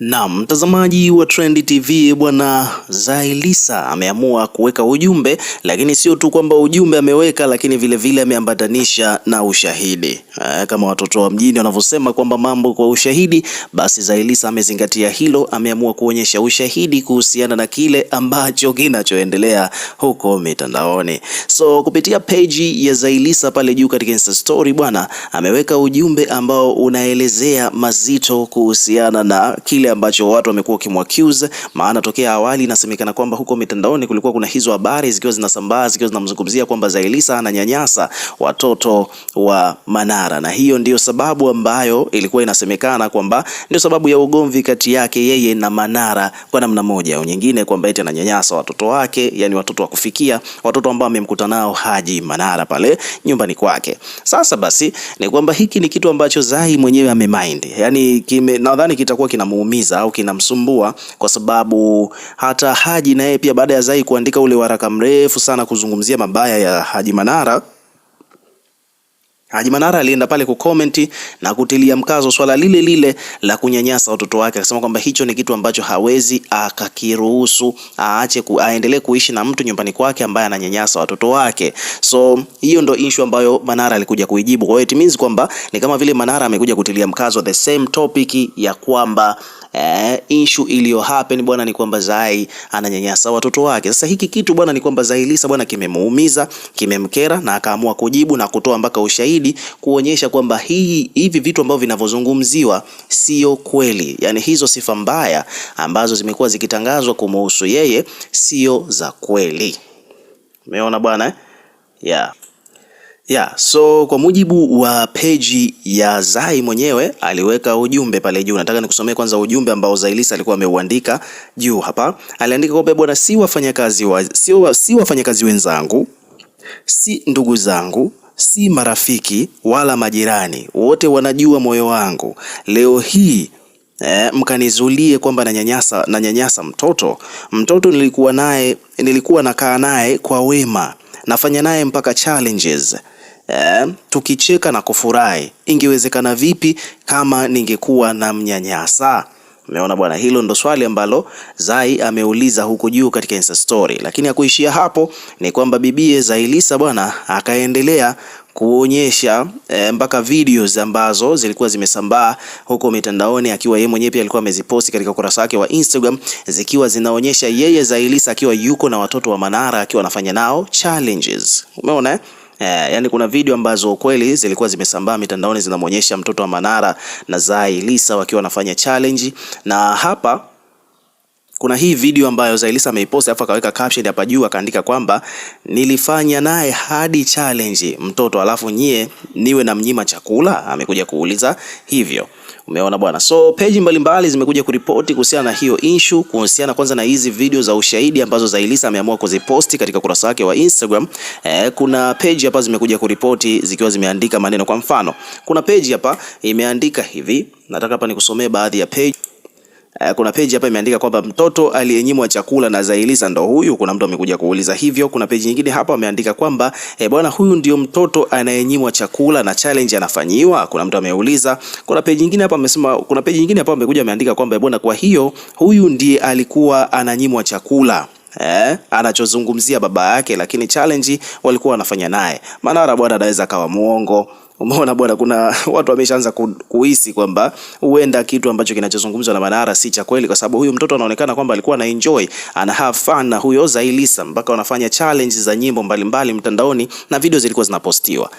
Na mtazamaji wa Trend TV bwana, Zailisa ameamua kuweka ujumbe, lakini sio tu kwamba ujumbe ameweka, lakini vilevile ameambatanisha na ushahidi. e, kama watoto wa mjini wanavyosema kwamba mambo kwa ushahidi, basi Zailisa amezingatia hilo, ameamua kuonyesha ushahidi kuhusiana na kile ambacho kinachoendelea huko mitandaoni. So kupitia peji ya Zailisa pale juu katika Insta story bwana, ameweka ujumbe ambao unaelezea mazito kuhusiana na kile kile ambacho watu wamekuwa wakimwaccuse, maana tokea awali inasemekana kwamba huko mitandaoni kulikuwa kuna hizo habari zikiwa zinasambaa zikiwa zinamzungumzia kwamba Zaiylissa ananyanyasa watoto wa Manara, na hiyo ndiyo sababu ambayo ilikuwa inasemekana kwamba ndio sababu ya ugomvi kati yake yeye na Manara kwa namna moja au nyingine, kwamba eti ananyanyasa watoto wake, yani watoto wa kufikia, watoto ambao amemkuta nao Haji Manara pale nyumbani kwake. Sasa basi ni kwamba hiki ni kitu ambacho Zai mwenyewe amemind, yani nadhani kitakuwa kinamuumia kinamuumiza au kinamsumbua, kwa sababu hata Haji na yeye pia baada ya Zai kuandika ule waraka mrefu sana kuzungumzia mabaya ya Haji Manara Haji Manara alienda pale kukomenti na kutilia mkazo swala lile lile la kunyanyasa watoto wake, akasema kwamba hicho ni kitu ambacho hawezi akakiruhusu, aache ku, aendelee kuishi na mtu nyumbani kwake ambaye ananyanyasa watoto wake. So hiyo ndo issue ambayo Manara alikuja kuijibu. Kwa hiyo it means kwamba ni kama vile Manara amekuja kutilia mkazo the same topic ya kwamba eh, issue iliyo happen bwana ni kwamba Zai ananyanyasa watoto wake. Sasa hiki kitu bwana ni kwamba Zai Lisa bwana kimemuumiza, kimemkera na akaamua kujibu na kutoa mpaka ushahidi ili kuonyesha kwamba hii hivi vitu ambavyo vinavyozungumziwa sio kweli, yani hizo sifa mbaya ambazo zimekuwa zikitangazwa kumuhusu yeye sio za kweli. Umeona bwana eh? Yeah. Yeah, so kwa mujibu wa peji ya Zai mwenyewe aliweka ujumbe pale juu. Nataka nikusomee kwanza ujumbe ambao Zailisa alikuwa ameuandika juu hapa. Aliandika kwamba bwana, si wafanyakazi wa, si wafanyakazi wenzangu, si ndugu zangu si marafiki wala majirani, wote wanajua moyo wangu. Leo hii eh, mkanizulie kwamba nanyanyasa nanyanyasa mtoto mtoto nilikuwa naye, nilikuwa nakaa naye kwa wema, nafanya naye mpaka challenges eh, tukicheka na kufurahi. Ingewezekana vipi kama ningekuwa na mnyanyasa? Umeona bwana, hilo ndo swali ambalo Zai ameuliza huko juu katika Insta story, lakini hakuishia hapo. Ni kwamba bibie Zailisa bwana akaendelea kuonyesha e, mpaka videos ambazo zilikuwa zimesambaa huko mitandaoni, akiwa yeye mwenyewe pia alikuwa ameziposti katika ukurasa wake wa Instagram, zikiwa zinaonyesha yeye Zailisa akiwa yuko na watoto wa Manara akiwa anafanya nao challenges. Umeona eh? Eh, yani kuna video ambazo kweli zilikuwa zimesambaa mitandaoni zinamuonyesha mtoto wa Manara na Zai Lisa wakiwa wanafanya challenge na hapa kuna hii video ambayo Zailisa ameiposti alafu akaweka caption hapa juu akaandika kwamba nilifanya naye hadi challenge mtoto, alafu nyie niwe na mnyima chakula. Amekuja kuuliza hivyo, umeona bwana. So page mbalimbali zimekuja kuripoti kuhusiana na hiyo issue, kuhusiana kwanza na hizi video za ushahidi ambazo Zailisa ameamua kuziposti katika kurasa wake wa Instagram. Eh, kuna page hapa zimekuja kuripoti zikiwa zimeandika maneno, kwa mfano kuna page hapa imeandika hivi, nataka hapa nikusomee baadhi ya page Eh, kuna peji hapa imeandika kwamba mtoto aliyenyimwa chakula na Zailisa ndo huyu. Kuna mtu amekuja kuuliza hivyo. Kuna peji nyingine hapa ameandika kwamba e, bwana huyu ndio mtoto anayenyimwa chakula na challenge anafanyiwa. Kuna mtu ameuliza. Kuna peji nyingine hapa amesema, kuna peji nyingine hapa amekuja ameandika kwamba e, bwana, kwa hiyo huyu ndiye alikuwa ananyimwa chakula Eh, anachozungumzia baba yake, lakini challenge walikuwa wanafanya naye. Manara bwana anaweza akawa muongo. Umeona bwana, kuna watu wameshaanza kuhisi kwamba huenda kitu ambacho kinachozungumzwa na Manara si cha kweli, kwa sababu huyu mtoto anaonekana kwamba alikuwa na enjoy ana have fun na huyo Zailisa, mpaka wanafanya challenge za nyimbo mbalimbali mtandaoni na video zilikuwa zinapostiwa.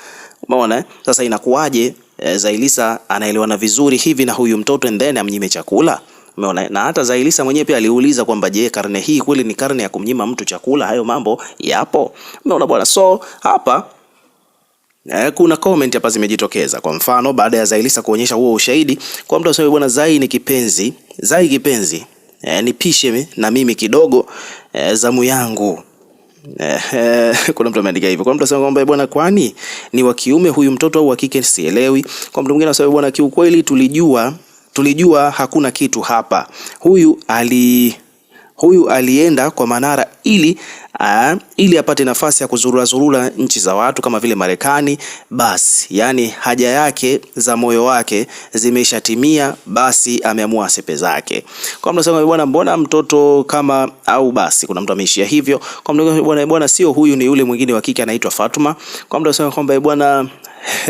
Umeona sasa, inakuwaje eh, Zailisa anaelewana vizuri hivi na huyu mtoto and then amnyime chakula? Umeona, na hata Zailisa mwenyewe pia aliuliza kwamba je, karne hii kweli ni karne ya kumnyima mtu chakula? Hayo mambo yapo. Umeona bwana, so hapa eh, kuna comment hapa zimejitokeza. Kwa mfano, baada ya Zailisa kuonyesha huo ushahidi, kwa mtu aseme bwana, Zai ni kipenzi, Zai kipenzi, eh, nipishe na mimi kidogo, eh, zamu yangu eh, eh, kuna mtu ameandika hivyo. Kuna mtu anasema kwamba bwana, kwani ni wa kiume huyu mtoto au wa kike sielewi. Kwa mtu mwingine anasema bwana, kiukweli tulijua tulijua hakuna kitu hapa. Huyu ali huyu alienda kwa Manara ili aa, ah, ili apate nafasi ya kuzurura zurura nchi za watu kama vile Marekani. Basi yani haja yake za moyo wake zimeshatimia, basi ameamua asepe zake. Kwa mnasema bwana, mbona mtoto kama au basi, kuna mtu ameishia hivyo. Kwa mnasema bwana, bwana sio huyu, ni yule mwingine wa kike anaitwa Fatuma. Kwa mnasema kwamba bwana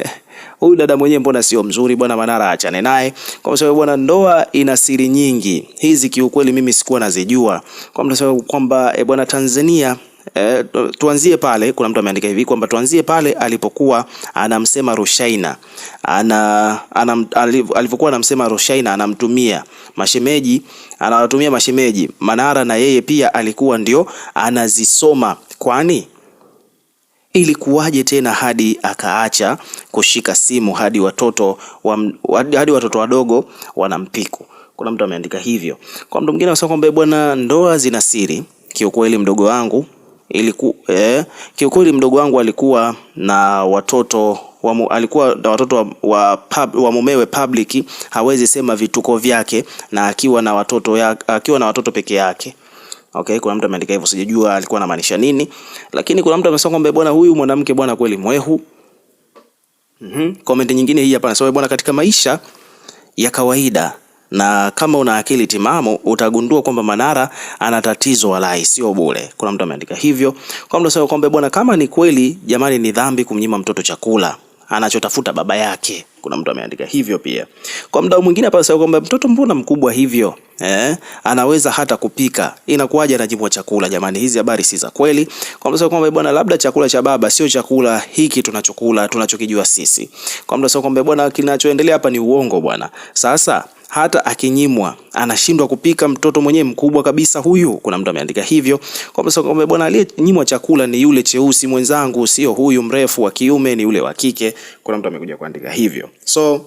huyu dada mwenyewe mbona sio mzuri bwana Manara, achane naye, kwa sababu bwana, ndoa ina siri nyingi hizi, kiukweli mimi sikuwa nazijua, kwa sababu kwamba e, bwana Tanzania E, tuanzie pale. Kuna mtu ameandika hivi kwamba tuanzie pale alipokuwa anamsema Rushaina ana, ana, alipokuwa anamsema Rushaina anamtumia mashemeji, anawatumia mashemeji. Manara na yeye pia alikuwa ndio anazisoma kwani Ilikuwaje tena hadi akaacha kushika simu hadi watoto wa, hadi watoto wadogo wanampiku? Kuna mtu ameandika hivyo. Kwa mtu mwingine anasema kwamba eh, bwana, ndoa zina siri. Kiukweli mdogo wangu iliku, eh, kiukweli mdogo wangu alikuwa na watoto wa, alikuwa na watoto wa, wa, pub, wa mumewe public hawezi sema vituko vyake na akiwa na watoto ya, akiwa na watoto peke yake Okay, kuna mtu ameandika hivyo, sijajua alikuwa anamaanisha nini, lakini kuna mtu amesema kwamba bwana, huyu mwanamke bwana kweli mwehu. Mm-hmm. Comment nyingine hii hapa anasema bwana, katika maisha ya kawaida na kama una akili timamu utagundua kwamba Manara ana tatizo walai, sio bure. Kuna mtu ameandika hivyo. Kwa mtu sasa, kwamba bwana, kama ni kweli jamani, ni dhambi kumnyima mtoto chakula anachotafuta baba yake. Kuna mtu ameandika hivyo pia. Kwa mdau mwingine hapa sasa kwamba mtoto mbona mkubwa hivyo eh? Anaweza hata kupika, inakuwaje anajibu chakula? Jamani, hizi habari si za kweli. Kwa mdau kwamba bwana, labda chakula cha baba sio chakula hiki tunachokula tunachokijua sisi. Kwa mdau kwamba bwana, kinachoendelea hapa ni uongo bwana. Sasa hata akinyimwa anashindwa kupika, mtoto mwenyewe mkubwa kabisa huyu. Kuna mtu ameandika hivyo kwamba bwana, aliyenyimwa chakula ni yule cheusi mwenzangu, sio huyu mrefu wa kiume, ni yule wa kike. Kuna mtu amekuja kuandika hivyo. So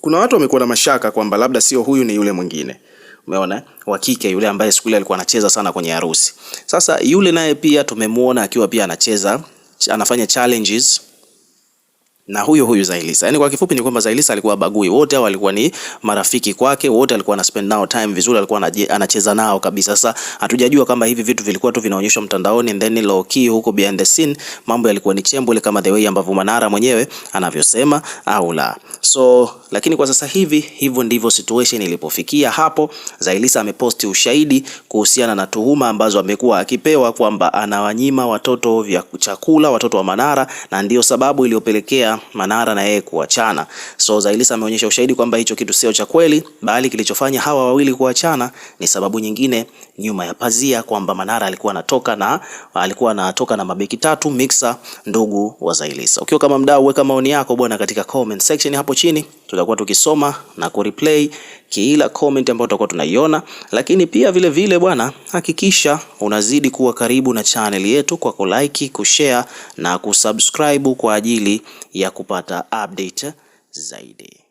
kuna watu wamekuwa na mashaka kwamba labda sio huyu, ni yule mwingine Umeona, wa kike yule ambaye siku ile alikuwa anacheza sana kwenye harusi. Sasa yule naye pia tumemuona akiwa pia anacheza, anafanya challenges na huyo huyu Zailisa. Yaani kwa kifupi ni kwamba Zailisa alikuwa bagui wote au alikuwa ni marafiki kwake wote, alikuwa ana spend nao time vizuri, alikuwa anacheza nao kabisa. Sasa hatujajua kama hivi vitu vilikuwa tu vinaonyeshwa mtandaoni, and then low key huko behind the scene mambo yalikuwa ni chembule kama the way ambavyo Manara mwenyewe anavyosema au la. So lakini kwa sasa hivi hivyo ndivyo situation ilipofikia hapo. Zailisa ameposti ushahidi kuhusiana na tuhuma ambazo amekuwa akipewa kwamba anawanyima watoto vya chakula, watoto wa Manara, na ndiyo sababu iliyopelekea Manara na yeye kuachana. So Zailisa ameonyesha ushahidi kwamba hicho kitu sio cha kweli, bali kilichofanya hawa wawili kuachana ni sababu nyingine nyuma ya pazia, kwamba Manara alikuwa anatoka na alikuwa anatoka na mabeki tatu Mixer, ndugu wa Zailisa. Ukiwa kama mdau, weka maoni yako bwana katika comment section hapo chini tutakuwa tukisoma na kureplay kila comment ambayo tutakuwa tunaiona, lakini pia vile vile bwana, hakikisha unazidi kuwa karibu na channel yetu kwa kulike, kushare na kusubscribe kwa ajili ya kupata update zaidi.